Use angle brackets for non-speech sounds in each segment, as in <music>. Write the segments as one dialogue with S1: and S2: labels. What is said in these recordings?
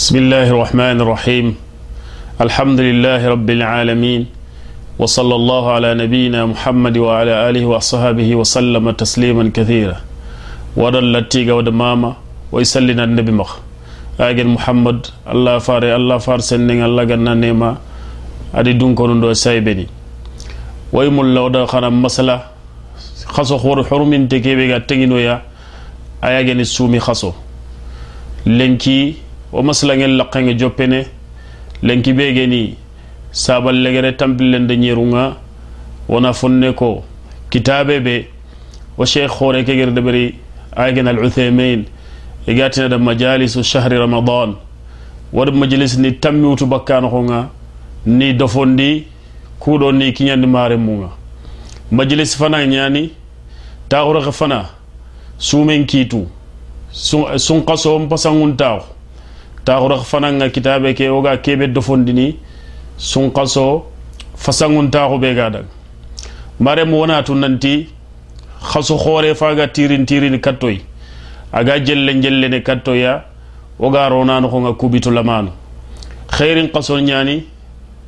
S1: بسم الله الرحمن الرحيم الحمد لله رب العالمين وصلى الله على نبينا محمد وعلى آله وصحبه وسلم تسليما كثيرا ودل تيغا ودماما ويسلنا النبي مخ أجل محمد الله فاري الله فار سنين الله غنى نيما أدي دون كونون دو سايبني ويمول لودا خنا مسألة خاصو خور حرمين تكيبي غا تنينويا أياجني سومي خاصو لنكي wo maslaŋel laqqenge joppene lenki be geni sabal legere tampillende ñerunga wona fonne ko kitabe be wo cheikh hoore keger deɓeri aygena al uthaimin e gatina da majalisu chahri ramadan wad majalis ni tammiwtu bakkano honga ni dofondi kuɗo ni kiñandi mare muga majalis fana ñani taxurake fana sumen kiitu sun kaso n pasangun taxura fananga kitabe ke woga kebe dofondini sunkaso fasanguntaxu be ga daga mare mo wonatu nanti xaso xoore faga tirin tirin kattoy aga jelle jellene kattoya woga xonga kubitu lamanu xeerin xaso ñani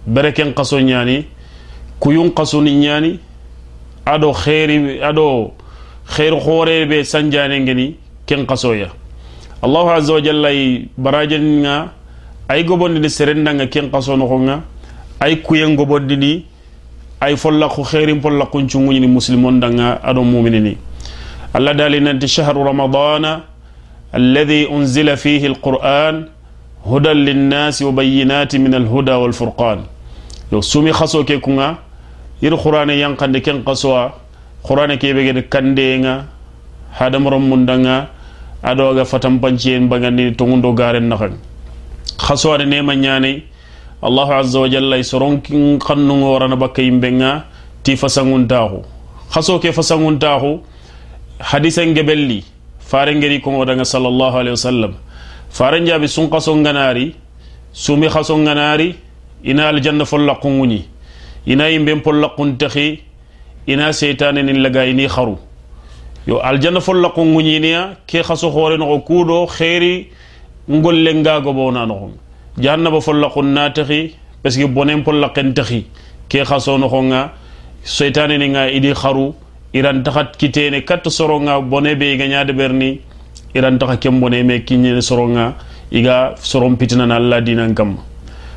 S1: bereken xaso ñani kuyun xasoni ñani aɗo xeeri aɗo xeer xoore ɓe sanjanengeni ken xasoya allahu azza wa jalla ay barajenga ay gobondini serendanga ken kasonoxonga ay kuyen gobondini ay follaku xeerin pollakuncuŋuñini musilimon danga aɗo muminini allah dali nanti shahru ramadana الذي أنزل فيه القرآن هدى للناس وبينات من الهدى والفرقان yo sumi xaso ke kunga yir qur'ane yankande ken qaswa qur'ane ke be gede kande nga hadam rom mundanga aɗoga fatan panceen bagandini togundo garen nakan hasowade nema ñanayi allahu aza wa jalla soron kannugo warana bakka yimɓenga ti fasanguntaku haso ke fasanguntaku hadisen gebelli fare ngeri kogodaga sallllahu alahi wa sallam fare jaabi sun haso ganari sumi haso ganari ina aljanna Inaa ina yimɓen pollakkun tehi Inaa seytane nin laga ini haru yo aljanna folla ko guñiniya ke xa so xoore noxo kuuɗo xeeri ngollengaago bowna noxon jahannaba folla qun naataxi parce que bonen polla qen taxi ke xa so noxonga seytane nenga idi xaru iran taxa kiteene kat soronga bone be iga ñaade ɓerni iran taxa ken bone me kiñene soronga iga soron pitinana alla dinan kamma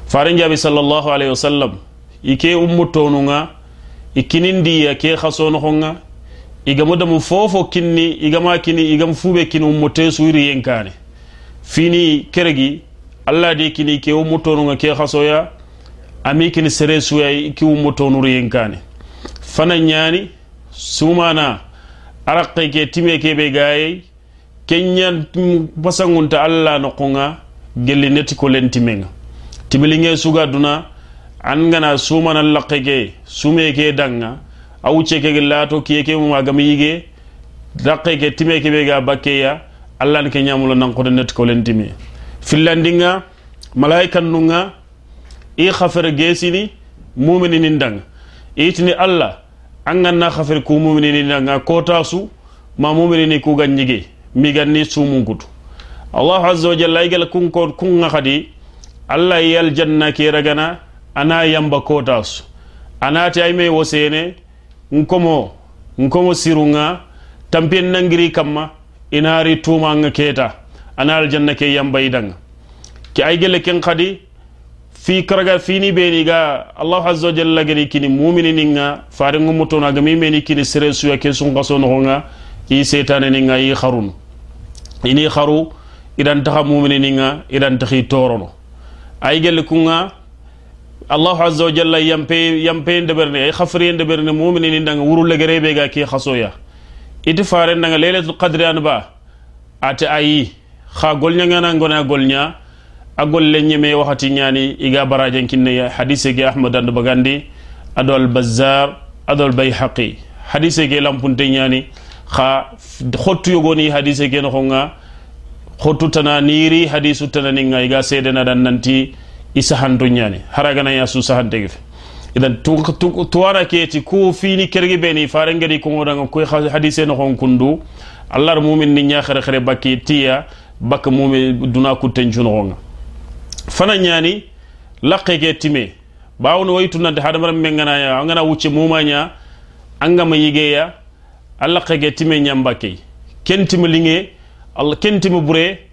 S1: fare njaabi salallahu alayhi wa sallam i ke ummutonunga i kinindiya ke xa so noxonga igamoda mum fofo kinni igama kini igam fuɓe kini ummo tesuyri yen kane fini keregi allah di kini ke ummo tonuga ke hasoya ami kini sere suya ki ummo tonuru yen kane fana ñani sumana arakke ke time keɓe gayey keñan pasagunta allah nokkoga gelli neti ko len timega timilinge suga duna an gana sumanallakke ke sume ke danga a wucce keke laato kiye ke mum agama yige dakke ke time keɓe ga bakkeya allahni ke ñamulo nankote net kolen timi fillandinga malaikannunga i hafere gesini muminininndanga itini allah an ganna hafere ku mumininidanga kota su ma muminini kugan ñige miganni sumun kutu allahu aza wa jalla igala kunko kunga hadi allah yi aljanna ke ragana ana yamba kota su anati aymay wosene nkomo nkomo sirunga tampien nangiri kamma inari tuma nga keta ana aljanna ke yambaydanga ke ay gelle ken khadi fi karaga fini beni ga allah azza wa jalla gani kini mu'mini ninga fare ngumoto na gami meni kini sere suya ke sun gaso no nga yi setan ni nga yi kharun ini kharu idan taha mu'mini ninga idan taha toro no ay gelle kunga allahu azza wa jalla yampe yampe ndeɓerne ay hafriye ndeɓerne mumini ni ndanga wurulegere ɓe ga ki hasoya iti fare ndanga leylatul qadre an ba ate ayi ha golñagana gol golña a gol le ñeme wakati ñani iga barajen kinne hadise ge ahmad and bagandi ado al bazar adol al bayhaqi hadise ge lampunte ñani ha hottu yogoni hadise ge noxonga hottu tana niiri hadisu tananinga iga dan nanti isahanto ñani haragana ya su sahante fe idan tuwara keti ku fini kergi beni farengedi koŋodanga ku hadise noxon kundu allah mumin ni ñaxere xere bakki tiya bakk mu'min duna kutten nga fana nyani laqe ke time bawo bawno wayitu nante hadamara menganaya angana wucce anga ma yigeya a laqe ke time ñam bakkey ken time liŋe ken time bure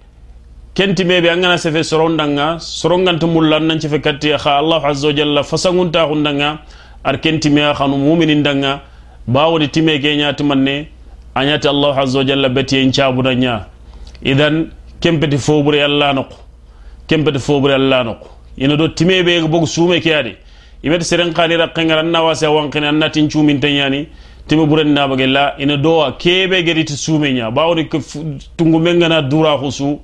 S1: kenti meɓe angana sefe sorondanga soronganta mulla annan cefe katti xa allahu aza wa jalla fasanguntaxundanga ar kentimea xanu muminindanga bawoni time ke ñatimanne a ñati allahu aza wa jalla betiyen cabuna ña idan kempeti foɓure allah noqu kempeti foɓure allah noqu ina do time ɓe bog suume ke adi iwet seren xani raqengar anna wase a wankene annatin cuminteñani time ɓuren naɓage la ina dowa keɓe gediti suume ña bawoni tungumengana dura xusu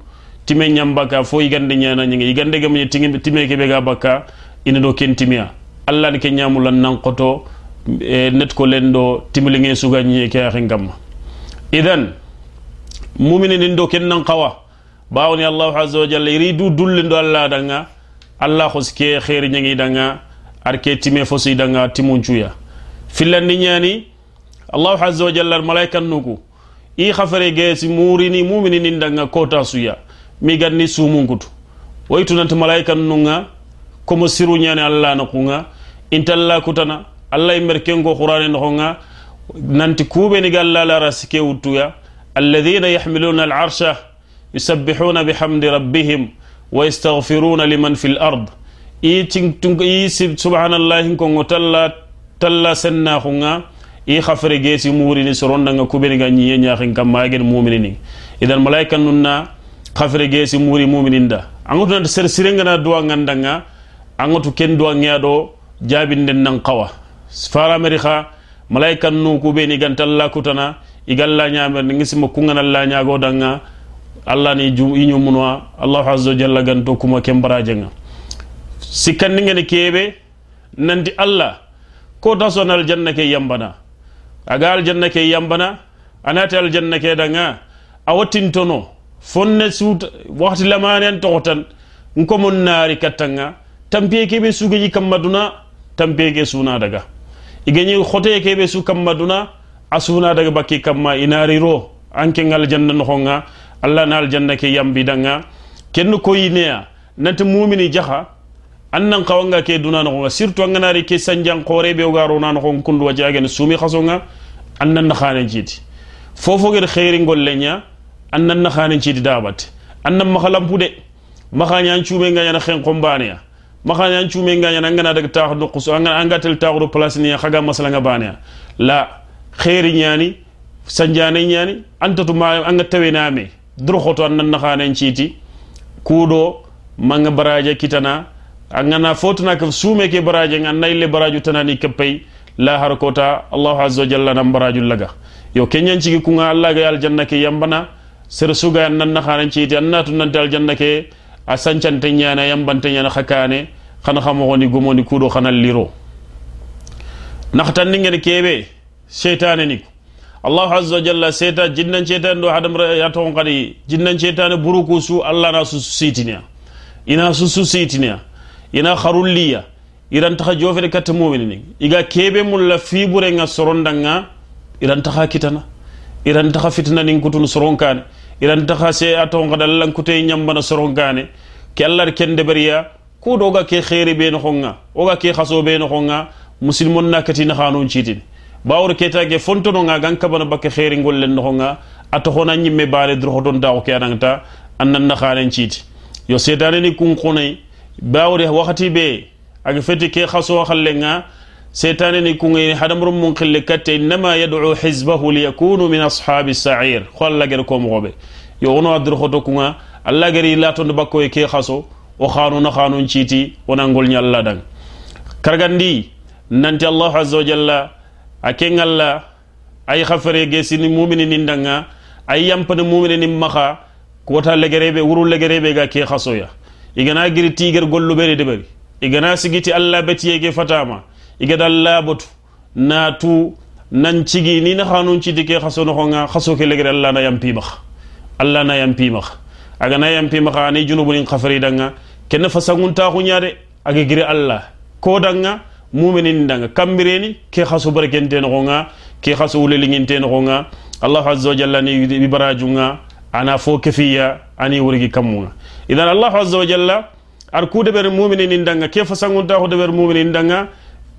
S1: time ñam baka fo yigande ñanañinga yigande gam ñi time ke ga baka ina do ken timiya allah ni ke ñamula nankoto e net ko len ɗo suga ñi ke axen kamma idan mu'minin ni do ken nankawa ni allah azza wa jalla iri du dullin ɗo allah danga allah hos ke xeeri ñangi danga ar ke time fosi danga timuncuya ni ñani Allah azza wa jalla malaika nuku i ge si murini mumini nin danga kota suya mi ganni sumunkutu woytunanti malayikan nunga komo siruñani allah nakunga intalla kutana alla mer kengo qur'ani noxonga nanti kuɓeni galla lara sike wuttuya alladina yahmiluna alarsha yusabbihuna bihamdi rabbihim wa yastaghfiruna liman fi lard i subhanallahin kongo talla talla sennaxunga i xafere gesi murini sorondanga kuɓeni ga ñiye ñaxin kamma agen muminini idan malayikan nunna kafire ge si muri muminin da angotu na ser sirengana duwa nga angotu ken duwa jabi nden nang kawa sifara merika malaika ni beni gantalla kutana igalla ñamer mukungan nya go danga allah ni iñumunoa Allah azza jalla ganto kuma ken baraje nga sikkandingene kebe nanti allah ko tasona aljanna ke yambana agal aljanna ke yambana anati aljanna ke danga awatin tono fonne suuta waxti lamanen toxo tan nkomon naari kattanga tampiye keɓe sugeñi kamma duna tampiye ke suna daga i geñi xoteye keɓe su kamma duna a suna daga bakki kamma i naariro anke ngaljanna noxonga alla na aljanna ke yambidanga ken koyineya nanti mumini jaxa an nan xawanga ke duna noxonga surtout anga naari ke sanjanqoore ɓe ogarona noxon kundu wa jagene sumi xasonga an nan naxanen ciiti fofo gen xeeringol leña annan na khanin ci dabat annan ma de an chume nga yana khen kombane ya an chume nga yana ngana daga taxu qus nga anga tel taxu place ni ya, khaga masala nga bane ya. la khairi nyani sanjane nyani antatu ma anga tawe na me dro khoto annan na khanin ci ti kudo manga baraje kitana angana fotuna ka sume ke baraje nga ile baraju tanani kapay la har kota allah azza jalla nam baraju laga yo kenyan ci ku nga allah ga ke yambana sere suga nan na xaran ci ti annatu nan dal janna ke a sancante ñana yambante ñana xakane xana xamoxoni gomoni kudo xana liro naxtanni ngene keɓe seytane ni ko allahu azza wa jalla seyta jinnan ceytane ɗo hadam yatoxon xadi jinnan ceytane buruku su allah na susu sitinia ina susu sitinia ina xarulliya irantaxa jofene katta mumene ni iga keɓe mulla fiɓurenga sorondanga irantaxa kitana iran taxa fitinanin kutun soronkane iran taxa se a tonxadallan kutee ñambana soronkane ke allar ken deberiya kudo ga ke xeeri be noxonga oga ke xaso be noxonga nakati na katina xanon ciitini bawor ketage fontononga gan kabana bakke xeeri ngollen noxonga a toxona ñimme baale doroxoton taxo ke anangta an nan na xanen ciiti yo setaneni kun xonay bawore waxati be aga feti ke xaso xallenga setaneni kuŋeni hadamarum mun xille katte innama yadcu xisbahu yakunu min ashabi sair xo alla gere ko moxoɓe yowono a dir xoto kuŋa alla geri latondo bakkoye ke xaso wo xanuna xanun ciiti wonangol ñalla dang kargandi nanti allahu aza wa jalla a ke ay xa ge sini mumini nin danga ay yampane mumini nin maxa wota legerebe wuru legerebe ga ke xasoya igana giri tiger golluɓeri deɓeri igana sigiti allah betiyege fatama igadal labotu natu nan cigi ni na xanun ci dike xaso no xaso ke legere alla na yampi max alla na yampi max aga na yampi max ani junubu ni danga kenn fa sangun ta de aga gire alla ko danga mu'minin danga kambireni ke xaso barakente no nga ke xaso wuleli ngente no nga allah azza wa jalla ni bi ana fo kefiya ani wurgi kamunga idan allah azza wa ar ku de ber mu'minin danga ke fa sangun ta xu de mu'minin danga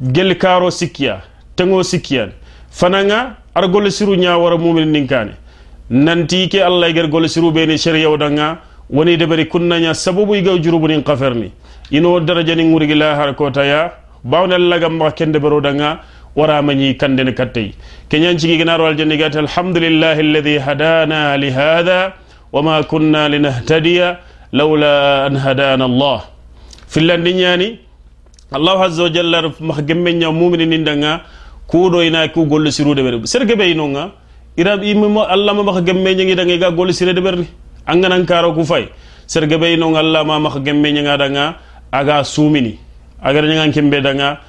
S1: gelli karo sikkiya tengo sikkiyani fananga ar golle siru ñawara mumin ninkani nanti ke allah ger golle siru ɓeni sere yawdanga woni deberi kunnaña sababu igaw jurubunin kaferni ino daraja ni ngurigi la har kotaya bawne allah gam ma kende berodanga wara mañi kandene kattey keñancigi ginaro aljanni gati alhamdulillahi alladi hadana lihada wama kunna linahtadiya laula an hadana allah fillandiñani allahu azza wa jalla gemme gemmeña mumini ninda nga ku do ina ku siru de ber ser gebe ino nga irab imi mo allah ma gemme max gemmeñangi danga ga golle sirede ɓerni anganan karo ku fay ser gebe ino nga allah ma gemme max gemmeñaga nga aga sumini agar agara ñagan kembe danga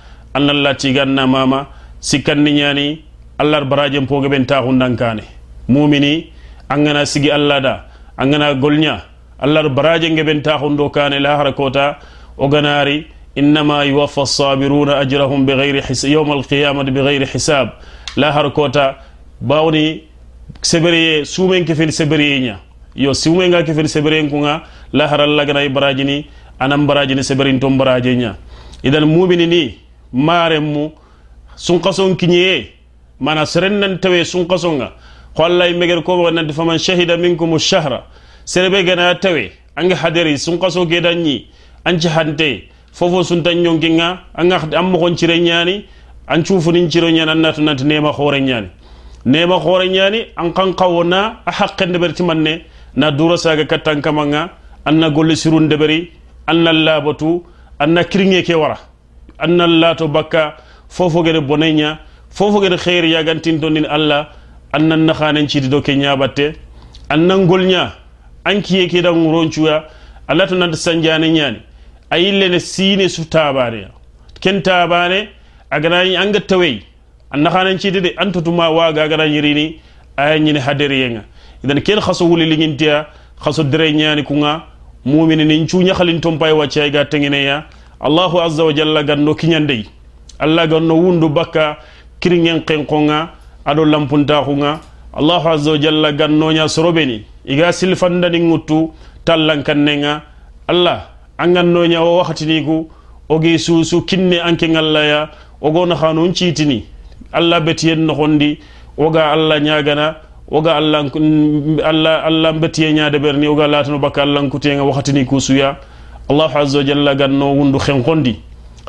S1: ti ganna mama sikan ni nyani allah barajem barajen poge ɓen taxundankane mumini angana sigi allah da angana golnya allah baraje nge ɓen taxundo kane lahara kota o ganari innama yuwaffa sabiruna ajrahum bigayri hisab yawma alqiyamati bigayri hisab la har kota bawni seberiye sumen kefel seberiye ña yo siwmenga kefel seberiyen kunga la haral laganay barajini anan barajini seberin ton baraje ña idan mumini ni maren mu sunkason kiñeye mana seren nan tawe sunkasonga ko allah meger ko mo nanti faman shahida minkum shahra serebe gana tawe ange haderi sunkaso gedanñi anci hante fofo sunta ñonkinga a mogon cire ñani an cufunin ciro ñani an natu nanti nema hoore ñani nema hoore ñani an kan kawo na a haqqende ɓer na dura saga kattan kamanga an na golle sirunde ɓeri an na labatu an na kirŋe ke wara an na lato bakka fofo gede boneña fofo gede xeeri yagantinto nin allah an nan naxanen cidi do ke ñabatte an nan golña an kiye ke da ŋuroncuya allah to nanti sanjane ñani a yillene siine su tabane ken taabaane a ganañi anga tawey a naxanancide de totuma waaga a ganañi rini aya ñine haderiyenga idan ken xaso wuli ligintiya xaso dere ñani kunga mumine nin cu ñaxalin tompay waccay ga tengeneya allahu azza wa jalla ganno kiñandey alla ganno wundu bakka kiringen qenqonga aɗo lampuntaxunga allahu azza wa jalla gannoña soroɓeni iga silfandani ŋuttu tallankan nenga allah anganno ñawo wakhatini ku ogi suusu kinne anke ngallaya ogona xano n ciitini allah betiyen noxondi woga allah ñagana woga allah allah betiye ñade berni oga latano bakka allahnkutiyenga wakhatini ku suya allahu aza wajalla ganno wundu xenqondi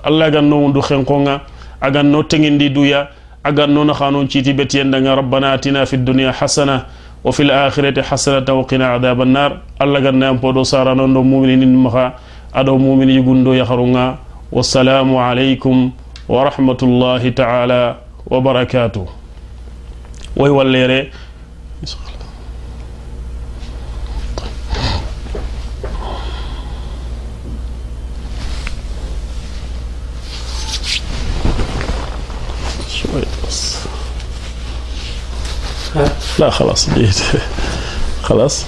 S1: allah ganno wundu xenqonga a ganno tengindi duya a ganno naxano n ciiti betiyendanga rabbana atina fi dunia hasana وفي الآخرة حسنة وقنا عذاب النار الله قلنا ينبو دو سارانو دو مؤمنين مخا ادو مؤمن يغندو يخرونا والسلام عليكم ورحمه الله تعالى وبركاته وي وليري لا خلاص جيت خلاص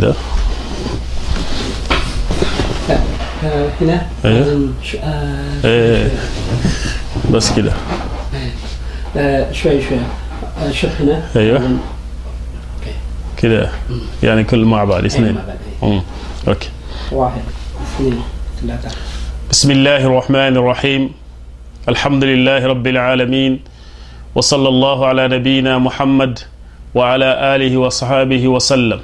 S1: كده هنا ايه ايه بس كده شوي آه، شوي آه، شوف هنا ايوه كده يعني كل مع بعض اثنين امم اوكي واحد اثنين ثلاثة بسم الله الرحمن الرحيم الحمد لله رب العالمين وصلى الله على نبينا محمد وعلى آله وصحابه وسلم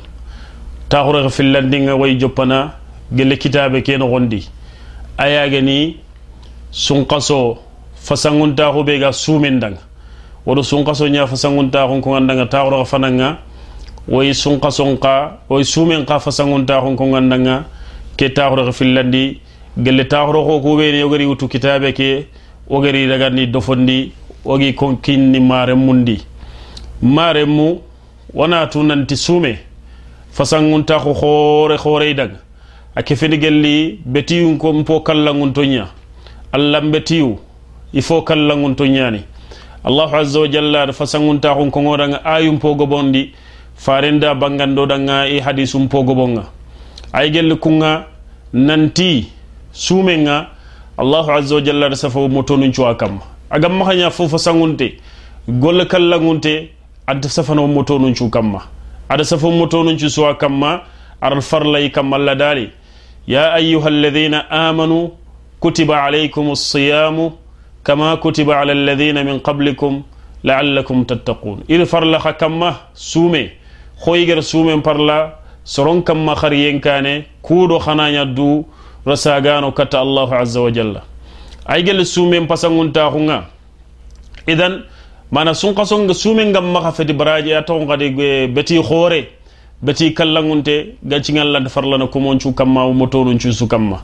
S1: taxurexe fillandinga way joppana gelle kitabe ke no xondi a yagani sunqaso fasanguntaxu ɓe ga sumen danga wodo sunqaso ña fasanguntaxun kogandanga taxurexe fananga way sunqason qa way sumen qa fasanguntaxun kogandanga ke taxurexe fillandi gelle taxuroxo ku ɓeni ogari wutu kitabe ke ogari ragandi dofondi ogi konkinni maren mundi maren mu wona tunanti sumee fasanngunta ko hoore hoorey e daga a kefenigelli betiyun ko po kallangun toña allahn betiyu il faut kallangun toñani allahu aza wa jalla ada fasanngunta kon kongoɗanga ayum pogobonɗi farenda banganɗoɗanga e hadisum pogobonga ay gelli kunga nanti sumenga allahu aza wa jalla ada safa mo tonun cuwa kamma agammahaña fo fasangunte golla kallangunte anta safanomo tonun cu kamma ada safo motonun ci suwa kamma aral farlay kamma la dali ya ayyuha alladhina amanu kutiba alaykum as-siyamu kama kutiba ala alladhina min qablikum la'allakum tattaqun il farla kamma sume khoyger sume parla soron kamma khar yenkane kudo khananya du rasagano kata allah azza wa jalla ay gel sume pasangunta khunga idan mana sunka songa suumen ngam maha fedi baraji a taw kadi eh, beti hoore beti kallangunte gaccigal ladde farlano comon cu kamma wumo tonu cu su kamma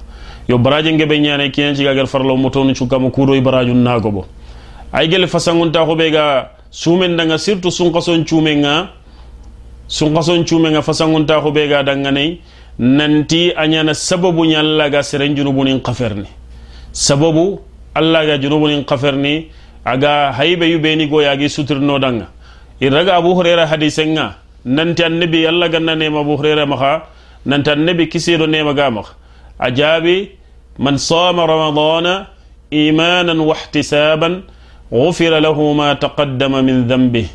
S1: yo baraji ngebe ñane kien ciga gel farla wumo tonu cu kamma kuuro e baraju nago bo ay gel fasangunta hoɓe ga suumen danga surtout sunkason cuumen ga sunkason cuumen ga fasangunta hoɓe ga danganayi nanti a ñana sababu ñalla ga seren junubunin kaferni sababu allah ga junubunin kaferni aga haybe yu beni go yagi sutirno danga iraga abu huraira hadisenga nanti annabi alla ganna nema abu huraira maha nanti annabi kisiro nema ga maha a jaabi man sama ramadana imanan wa wahtisaban gufira lahu ma taqaddama min dambih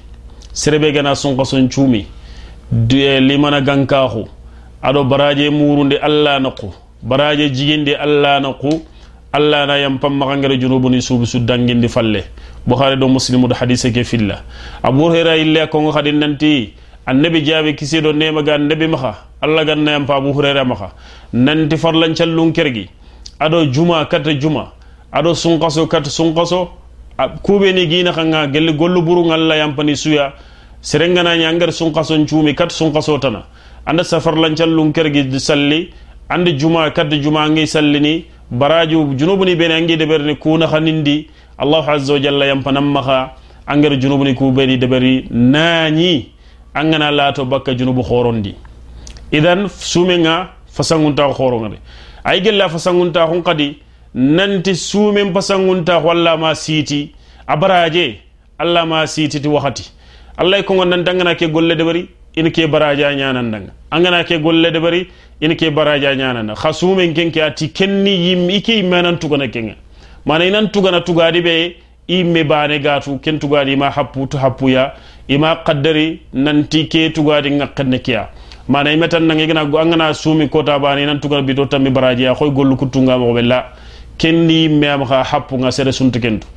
S1: serebe gana sunka son cuumi eh, limana gankahu aɗo baraje murunde allah na ku baraje jiginde alla na ku alla na yam pam magangere junubu ni subu su di falle bukhari do muslimu do hadise ke filla abu hurairah ille ko ngo hadin nanti annabi jabe kisi do nema ga annabi maha alla ganna yam pa abu hurairah maha nanti farlan callun kergi ado juma kata juma ado sunqaso kat sunqaso kube ni gina khanga gel gollu buru ngalla yam pani suya serengana nyangar sunqaso njumi kat sunqaso tana anda safar lan callun kergi salli anda juma kata juma ngi sallini baraju junubuni ɓeni angi deɓerni kuna hanindi allahu aza wa jalla yampanammaha angeri junubuni kuɓeni deɓeri nañi angana lato bakka junubu horondi idan sumenga fasanguntaho horogade ay gella fasangunta hon kadi nanti sumen pasangunta walla ma siiti a baraje allah ma siiti ti wakati allah y kongo nanti angana ke golle deɓari ina ke baraje a ñanandanga angana ke golle deɓari ina ke baraja nyana na khasume ken ke ati kenni yim ike yimenan tugana kenga mana inan tugana tugadi be imme bane gatu ken tugadi ma happu to ya ima qaddari nanti ke tugadi ngakkenne kiya mana ime tan nange angana sumi kota bane inan tugana bito tammi baraji ya koy gollu mo ɓella kenni imme am xa nga sere sunta kentu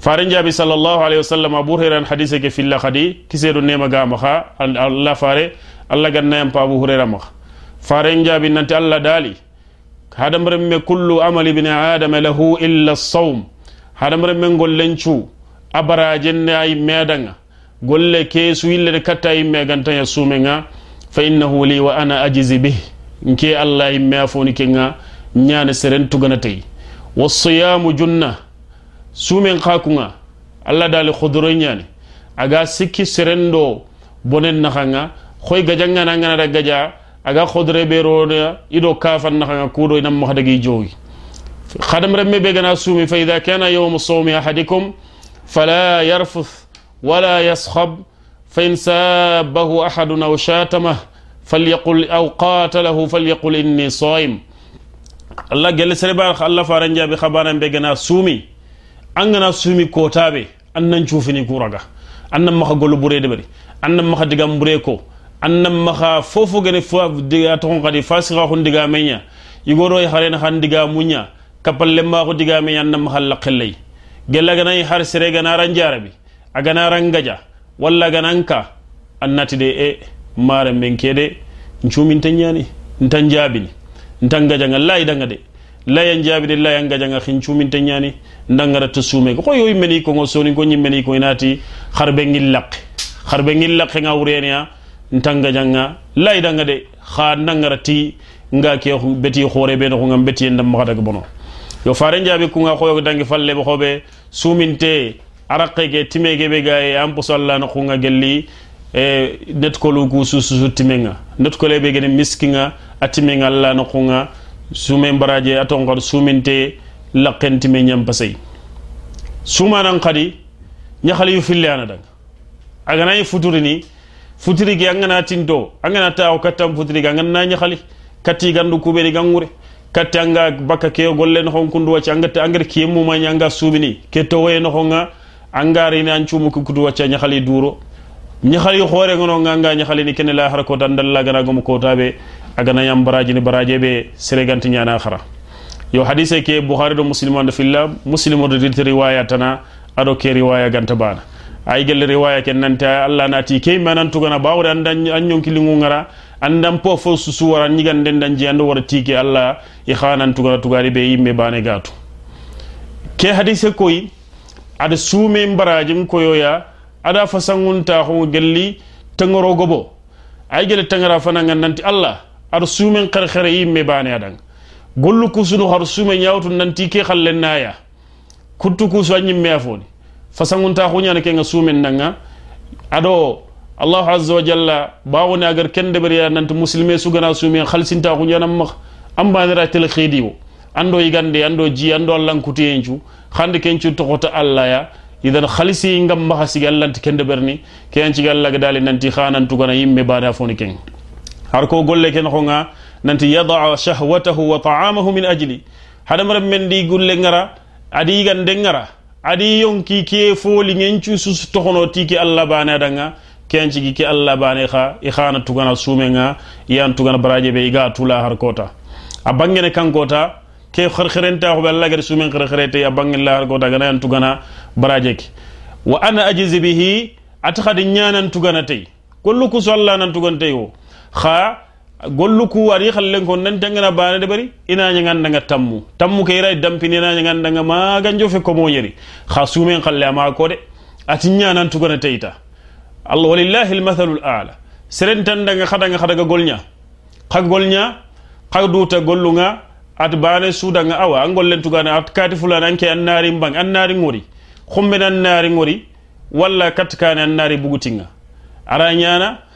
S1: faren jaabi sallallahu alayhi wa sallam abu hurairan hadise ke filla kadi kiseeɗo nema gama allah fare allah gannayam pa abu faren jaabi nanti allah daali hadamaren me kullu amal ibni adama lahu illa saum hadamaren men gollencu abarajenne ayi medaga golle keesu yillede katta yimme ganta ya sumega fa innahu li wa ana ajizi bih nke allah yimme a foni kega ñane seren tuganatayi wasiyamu junna sumen xakuga allah dali hudoro ñani aga sikki seren do bonen naxaga hoy gajangana ganata gajaa aga khodre be roɗa iɗo kafan nahaga kuɗo inam mahadagi jowi خدم رمي بيغنا سومي فإذا كان يوم صوم أحدكم فلا يرفث ولا يصخب فإن سابه أحد أو شاتمه فليقل أو قاتله فليقل إني صائم الله جل سربا الله فارنجا بخبانا بيغنا سومي أنغنا سومي كوتابي أن نشوفني كورغا أن مخا غلو بريد بري أن مخا دغام بريكو annan maha fofo gani diga togon kadi fasika hun diga menya igoro haren han diga munya kapalle ma ko diga menya annan maha laqallai gella gana har sere gana ran jarabi a gana ran gaja walla gananka annati de e mare men kede ncumin tanyani ntan jabini ntan gaja ngalla idanga de layan jaabide layan gajanga hin cuminta ñani dangara to suume ko koyo yimmeni kongo soni ko ñimmeni ko inati harbe ngillaqe harbe ngillaqe nga wureniya ntanga janga lay danga de xa nangara ti nga ke beti xore be noxu ngam beti ndam maxa dag bono yo fare njaɓi ku nga xoyog dangi falle bo xoɓe suminte araqe ke time ke ɓe gaye en pos alla noxu nga gelli e net kolu ku susuu timenga net kole ɓe gene miskinga a timenga alla noxu nga sume mbaraje a tonxar suminte laqen time ñam pasey sumanang xadi ñaxali yu fille ana dang aganayi futuri ni futiri ge angana tinto angana ta o katam futiri ga ngana nya khali katti gandu kuberi gangure katanga anga bakka ke golle no honkundu wacha anga angir angar ke mu ma anga subini ke to we no honga angari nan chumu mu kudu wacha nya khali duro nya khali khore ngono nganga nya khali ni ken la har ko la gana gum ko tabe agana yam baraji ni baraje be sereganti nyana khara yo hadise ke bukhari do musliman do fillah muslimu do riwaya tana ado ke riwaya ganta bana ay gelle riwaya ken nanta allah naati key manan tugana bawde anda an ñonkilingu ngara andan po fo susu wara ñiganden dan jeyande wara tiike allah i tugana tugari ɓe yimɓe bane gato ke hadise koy aɗa suume mbarajin koyoya aɗa fasangunta hoo gelli tengorogo bo ay gele tengara fananga nanti allah aɗa suumen xerxere yimɓe bane aɗan gollu kusunu har suume ñawtu nanti ke xallennaya kuttu kusu a ñimme fasangunta huñani kenga sumen nanga ado allahu azza wajalla jalla bawone agar kendeɓereya nanti musilme sugana sumen halsinta huñanamma ambanira tel xiidi o ando yigande ando ji ando allankuteyencu hande kencu toxota allah ya idan halisi ngam maxa sigi allanti kendeɓerni keyancigi allah ga dali nanti xanantugana yimme bada foni keng har ko golle ken xonga nanti yadaa shahwatahu wa taamahu min ajli hadamaren men di gulle ngara adi yigande ngara adi yonki ke foli ngen cuusus tohono ti ke allah bane adanga kencigi ke allah bane ha i hana tugana sume nga iyan tugana baraje be iga tula har kota a bangene kankota ke xerxerenta xoɓe allah gadi sumen xerxerete a bangene la har kota gana yan tugana baraje ke wa ana ajizi bihi ati xadi ñanan tugana tey kollu kuso allah nan tugana tey o xa gollu kuwari xallen kon nan tangana bane de bari ina ñagandanga tammu tammu ke yiray dampini ina ñagandanga maganjo fe komoñeri xa sumen xalle ama ko de ati ñanan tugana teyta allah walillahi almathalu ala seren tandanga xadanga xadaga golña xa golña xa duta gollunga at bane sudanga awa a ngollen tugana at kati fulana anke an naari mbang an naari ngori xumben an naari ngori walla kat kane an bugutinga ara ñana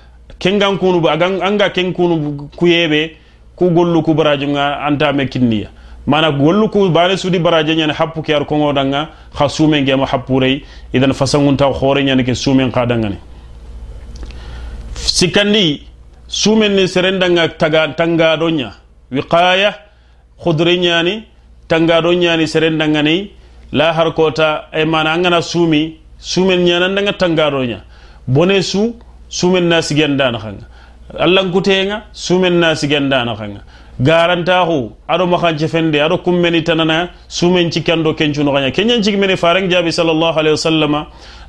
S1: kengan kunubu anga ken kunu kuyebe, ku gollu ku baraje nga kinniya mana gollu ku bane sudi baraje ñani happu ke ar kongo danga idan fasangunta hoore ñani ke sumen qadanga ne sikandi sumen ni nga taga tanga donya wiqaya donya ñani serenda nga serendangani la har kota e mana angana sumi sumen ñanandanga tangado ña bone su sumen na si genda na kanga alang kutenga sumen na si genda sigen dana khanga garantaxu aɗo maxance fende aɗo cummeni tanana sumen cikkando kencunoxaña keñan cikmene faren farang jabi sallallahu alaihi wasallama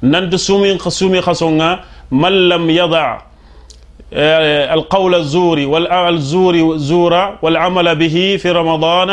S1: nanti sumen khasumi khasonga man lam yada القول الزور والزور زورا والعمل به في رمضان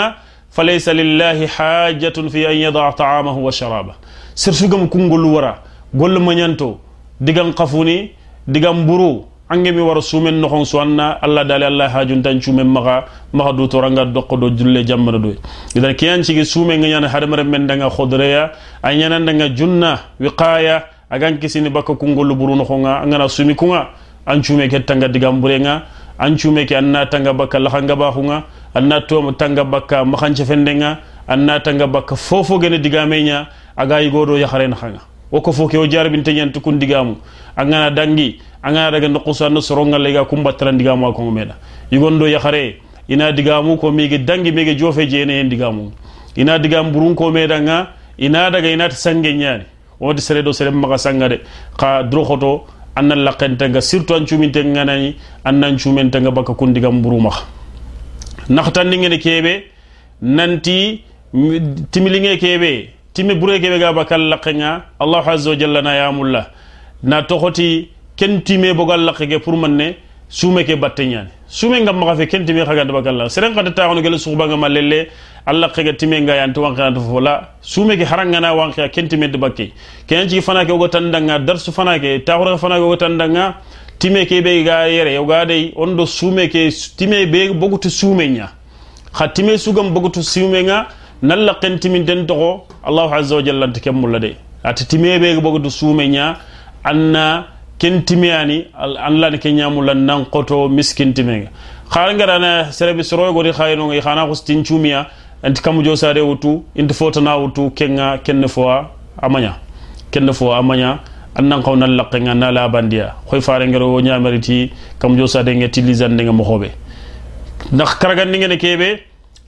S1: فليس لله حاجة في أن يضع طعامه وشرابه سرسوغم كنقول ورا من ينتو ديغان قفوني digam buru angemi wara sumen noxon so anna allah dali allah hajuntan cumen maxa maxa du toranga doqo do julle jammana doy idan kiyan cigi sume nga ñana hadamaren men danga xodreya a ñanandanga junna wiqaya agan kisini bakka kungollu buru noxonga angana sumi kunga an cume ke tanga digam burenga an cume ke anna tanga bakka laxanga baxunga anna to tanga bakka maxancefendenga anna tanga bakka fofo gene digame ña aga yigodo yaxaren xanga woko fo ke o jarabin teñan tukun digamu a ngana dangi a ngana daga nokusanno i ga kumbattaran digamu a kongo meeɗa yigondo yahare ina digaamu ko mege dangi mege joofe jeene hen digamu ina digam burun ko meeɗa nga ina daga inati sange ñaani wodi sere do sere maga sanga de xa ka drohoto annan laqentanga surtout an cuminten ganani annan cumentanga baka kundigam burumaha nahtandingene keɓe nanti timilinge keɓe timme bure keɓe ga bakal lakkeña allahu azza wa jalla na yamulla na toxoti ken time bogal lakke ke pour manne suume ke batte ñani ngam maxa fe ken time xaganta bakal la seren xata taxono gele suxubangama lelle allaqega time nga yanti wanqenanta fo la suume ke harangana wanqea ken time de bakke kenen cigi fana ke oga tandanga darsu fana ke taxurexe fana ke tandanga time ke ɓe ga yere oga dey on do suume ke time ɓe bogutu suume ña xa time sugam bogutu suume nga nalla qentiminten toxo allahu aza wa jalla nta ken de ati time ɓeege bogo du suume ña anna ken timeyani anlani ke ñamulla nan qoto miskin timega xara ngarana serebe soroyogodi xayenoga i xana xustin cuumiya anti kamu jo wutu inta fotana wutu kenga kenne fowa amaña kenne fowa amaña annan xaw nan laqenga na labandiya xoy farengero wo ñameriti kamu jo sadenge tilisandenge moxoɓe ndax karagandingene keɓe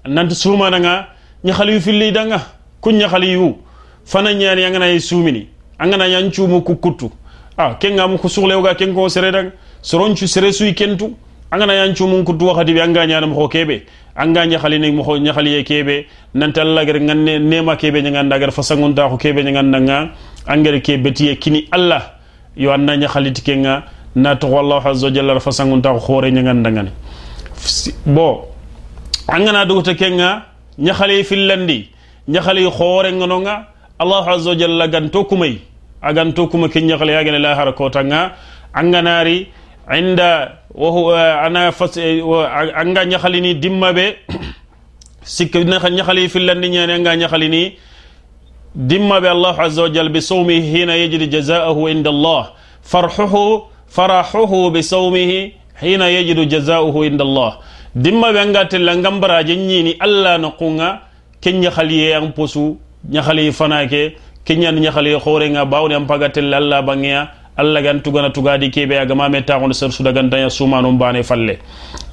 S1: nanti sumananga ñakhaliyu filli danga kun ñakhaliyu fana ñaani angana ye sumini angana yancumu kukkutu a ah, kenga mu kusuxlewga ken ko sere danga soroncu sere suyi kentu angana yancumun kuttu wakati be anga ñaana moxo kebe anga ñakhali ni moxo ñakhali ye kebe nanta alla gere nganne nema kebe ñaganda gere fasanguntaxu kebe ñagandanga angere ke betiye kini allah yo anna ñakhaliti kenga na toxo allahu aza wajalla fasanguntaxu xoore ñagandangani bo angana dogote kenga ñahaley fillandi ñahaley hoorenganonga allahu aza wa jalla ganto kumay aganto kuma ke ñahaley agene lahara kotanga anganari inda ana fas anga ñahalini dimma ɓe sikka ñahaley fillandi ñani anga ñahalini dimma ɓe allahu aza wa jal bi sawmihi hina yajidi jazaahu inda allah farhuhu farahuhu bi sawmihi hina yajidu jazauhu inda allah dimma wenga tella ngambaraje ñini alla na kunga ken ñakhaliye an posu ñakhaliye fanake ken ñani ñakhaliye xorenga bawni an paga tella alla bangeya alla gan tugana tugadi kebe agama me taxono ser sudagantaya sumanon bane falle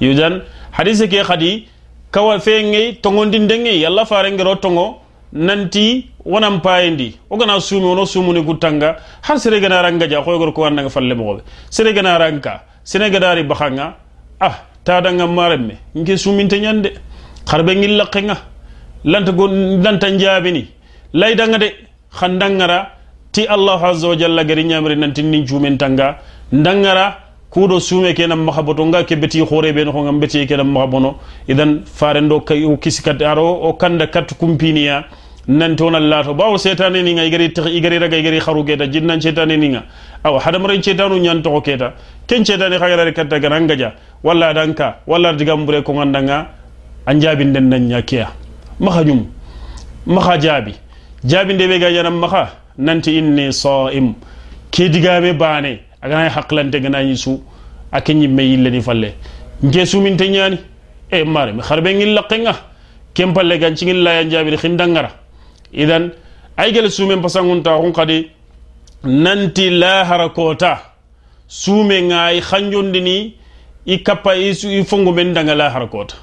S1: yudan hadise ke khadi kawa fenge tongondi ndenge yalla farengero tongo nanti wonan payindi wo gana suumi wono suumuni guttanga har sere gana ranga ja gor ko wannanga falle mogoɓe sere gana ranka sene gadari baxanga ah tada ngam maremme nke suminta ñande xar ɓe gillakkenga lanta go lanta jaabini laydanga de xan dangara ti allahu asa wa jalla gari ñamri nanti nin cumentanga dangara kuɗo suume ke nam maha boto nga kebeti xore ɓe noxonga mbetie ke nam maha bono idan farendo kisi kat aro o kanda kat kumpiniya nan tonan lato bawo setane igari igari raga igari kharu keta jinnan setane awa hadamaren setanu nyan keta ken setane khagara katta gananga ja walla danka walla digambure ko ngandanga anjabin den nan nyakiya mahajum maha jaabi jaabi nde ɓe gajanam maha nanti inni saim kedigame baane aganayi haklante ganañi su a keñimme yilleni falle nke suminte ñani e eh, mare mi har ɓe ngilla qenga ken laya jaabiri xindangara idan ay gel sumen pasangunta hun kadi nanti lahara kota sume ngayi hanjondini i kappa i fongo men daga lahara kota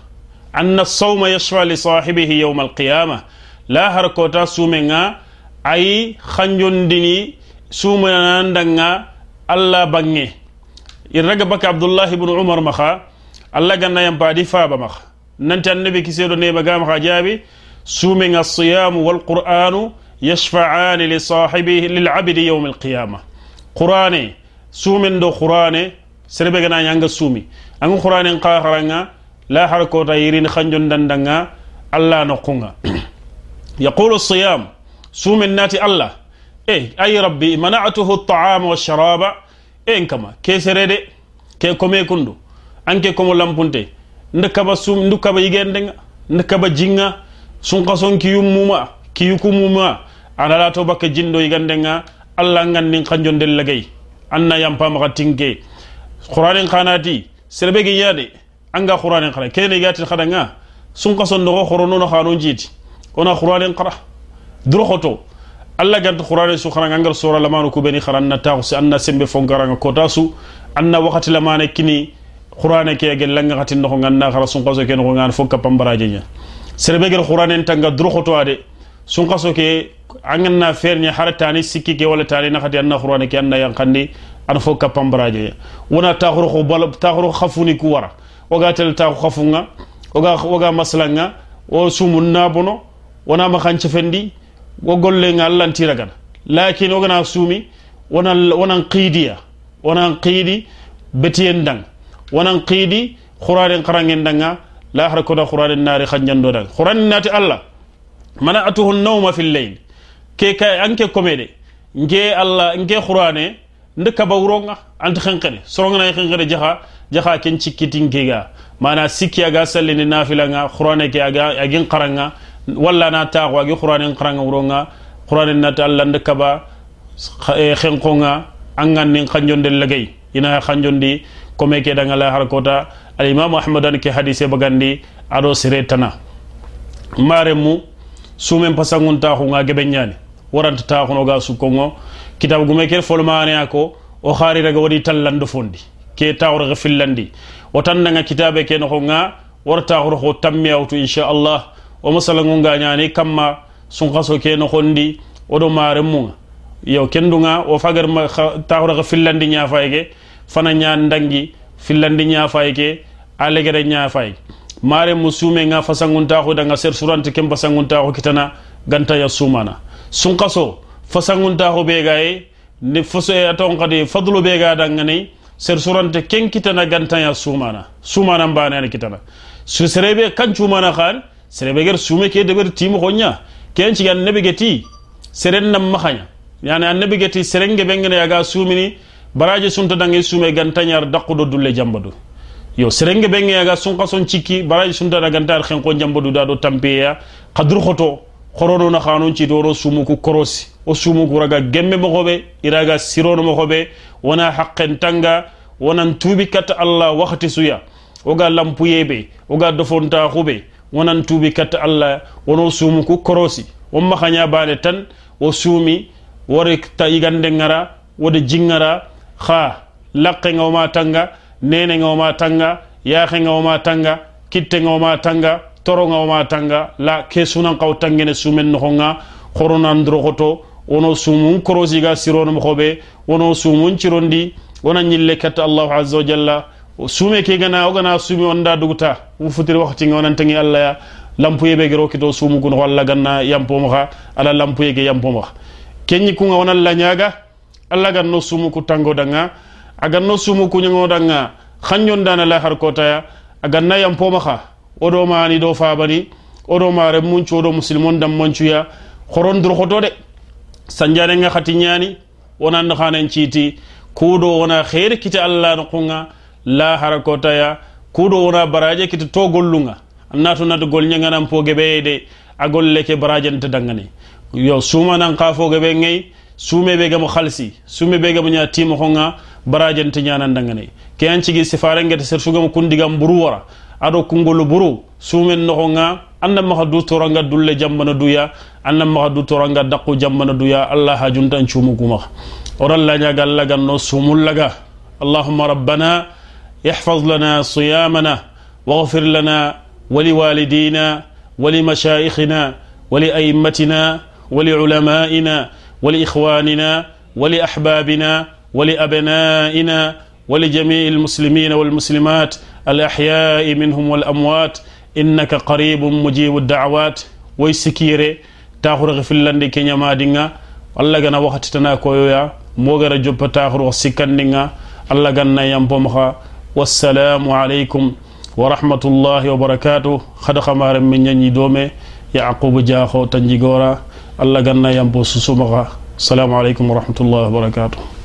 S1: anna sawma yashfa li sahibihi yawma alqiyama lahara kota sume nga ayi hanjondini sumenan daga allah bange irraga bak abdoullahi ibnu umar maha allah ganna yampadi faba maha nanti annabi kiseɗo nebagamaha jaabi سومن الصيام والقرآن يشفعان لصاحبه للعبد يوم القيامة قرآن سومن دو قرآن سربغنا يانغ سومي أن قرآن قاهرنا لا حركة تيرين خنجن دندنا الله نقونا <coughs> يقول الصيام سومن ناتي الله إيه أي ربي منعته الطعام والشراب إيه كما كي سريدي كي كومي كندو أنكي كومو لامبونتي ndukaba سوم ndukaba yigendenga ndukaba jinga sunkason kiyummuma kiyukumuma anala to bakke jindo yigandenga nin gannin kanjondel lagay anna yampamaka tinke khanati kanati serebe geyade anga quranin kana kene igatin kadanga sunkason nogo horonono hanon jiiti ona quranin kara durohoto allah ganti qurane su xaranga angar sora lamanu ku beni xara anna taxu si anna sembe fonkaranga kota su anna waxati lamane kini qurane ke a gellanga xati noxonga anna xara sunkaso ke noxongan fo kapambaraje ña serebe gel qur'anen tanga droxoto ade sun kaso ke anganna ferni haratani sikki ke wala tani na khati anna qur'an ke anna yankandi an fo kapambraje wona taxuru ko bal taxuru khafuni ku wara oga tel ta khafunga oga oga maslanga o sumun nabono wona ma khanche fendi wo golle ngal lantira gana lakin ogana sumi wona wona qidiya wona qidi betiyen dang wona qidi qur'an qarangen danga la har koda qur'an nari khanjando dan qur'an nati allah mana atuhu nawma fil layl ke kay anke komede nge allah nge qur'ane nda kaba wuronga ant khankare soronga nay khankare jaha jaha ken cikkitin kega mana sikki aga sallini nafila nga qur'ane ke aga agin qaranga walla na taqwa agi qur'ane qaranga wuronga qur'ane nati allah nda kaba khenqonga angan nin khanjonde lagay ina khanjondi komeke danga la har kota alimamu ahmadani ke hadise bagandi aɗo sere tana maren mu sumen pasangun taxunga geɓe ñani waranta taxunoga sukkongo kitabu gume ke folmanea ko o xari rega waɗi tallandu fondi ke taxurexe fillandi o tandanga kitabe ke noxonga warataxuroxo tammi awtu inchallah o masalangonga ñani kamma sunxaso ke noxondi oɗo maren muga yo kendunga o fagar taxurexe fillandi ñafayke fana ñan dangi fillandi ñafayke alegere ñafay fay mare musume nga fasangunta ko daga ser surante kem fasangunta kitana ganta ya sumana sun kaso fasangunta ko be gaye ne foso ya ton kadi fadlu be ga dangane ser surante ken kitana ganta ya sumana sumana mbana kitana su serebe kan cumana khan serebe ger sume ke deber timu konya ken ci gan nebe geti seren nam mahanya yani annabi geti serenge bengene yaga sumini baraje sunta dangi sume ganta nyar dulle jambado yo serenge ɓe geyaga sonka son cikki baraji suntaɗa gantaar hen ko jambaduɗa ɗo tampeya kadour hoto horonona hanon ciito oɗo suumu ko korosi o suumu ko raga gembe mokhoɓe iraga sirono mokhoɓe wona hakken tanga wonan tuubi katta allah wakhati suya oga lampuyeɓe oga dofontakhuɓe wonan tuubi katta allah wono suumu ko korosi on mahaña bane tan o suumi wore ta yigande gara wode jingara ha lakkega oma tanga nenenga woma tanga yaahenga woma tanga kittenga woma tanga toronga woma tanga la ke sunan kaw tangene sumen nohonga horonandurohoto wono sumun korosiga sironomohoɓe wono sumun cirondi wona ñille katta allahu aza wa jalla sume ke gana ogana sumi onda duguta wufutir waktinga onantangi allah ya lampuye ɓe gero kito sumugun ho allah ganna yampomoha ala lampuyege yampomoha keñikunga wonallah ñaga allah ganno sumu ku tangodanga a ganno sumu kuñoŋoɗanga xañon dana la har kotaya a gannayan poma xa oɗo mani ɗo fabani oɗo ma ren muncu oɗo musilmon dan mancuya xoron dur xoto de sanjanenga xati ñani wonanni xanen citi kuɗo wona xeer kiti allah no xunga la har kotaya kuɗo wona baraje kiti to gollunga annato nati golñaganan pogueɓeye de a golleke barajenta dangane yo sumanan xa fogueɓe gay sumeɓe gamo xalsi sumeɓe gamo ña timoxonga barajante ñanandanganayi ke an cigi sifarengete sertugama kundigam buru wara aɗo kungolu buru sumen noxonga anna maxa du toranga dulle jambana duya anna maxa du toranga daqu jambana duya allah hajuntan cumugumaxa orallañaga allaganno sumullaga allahuma rabbana احفظ لنا صيامنا واغفر لنا ولوالدينا ولمشايخنا ولأئمتنا ولعلمائنا ولإخواننا ولأحبابنا ولأبنائنا ولجميع المسلمين والمسلمات الأحياء منهم والأموات إنك قريب مجيب الدعوات ويسكيري تاخر في لندي كينيا دينا الله غنا وقتنا يا موغر جوب تاخر دينا الله غنا ينبمها والسلام عليكم ورحمة الله وبركاته خد خمار من يني دومي يعقوب جاخو تنجيغورا الله غنا ينبو سسومخا السلام عليكم ورحمة الله وبركاته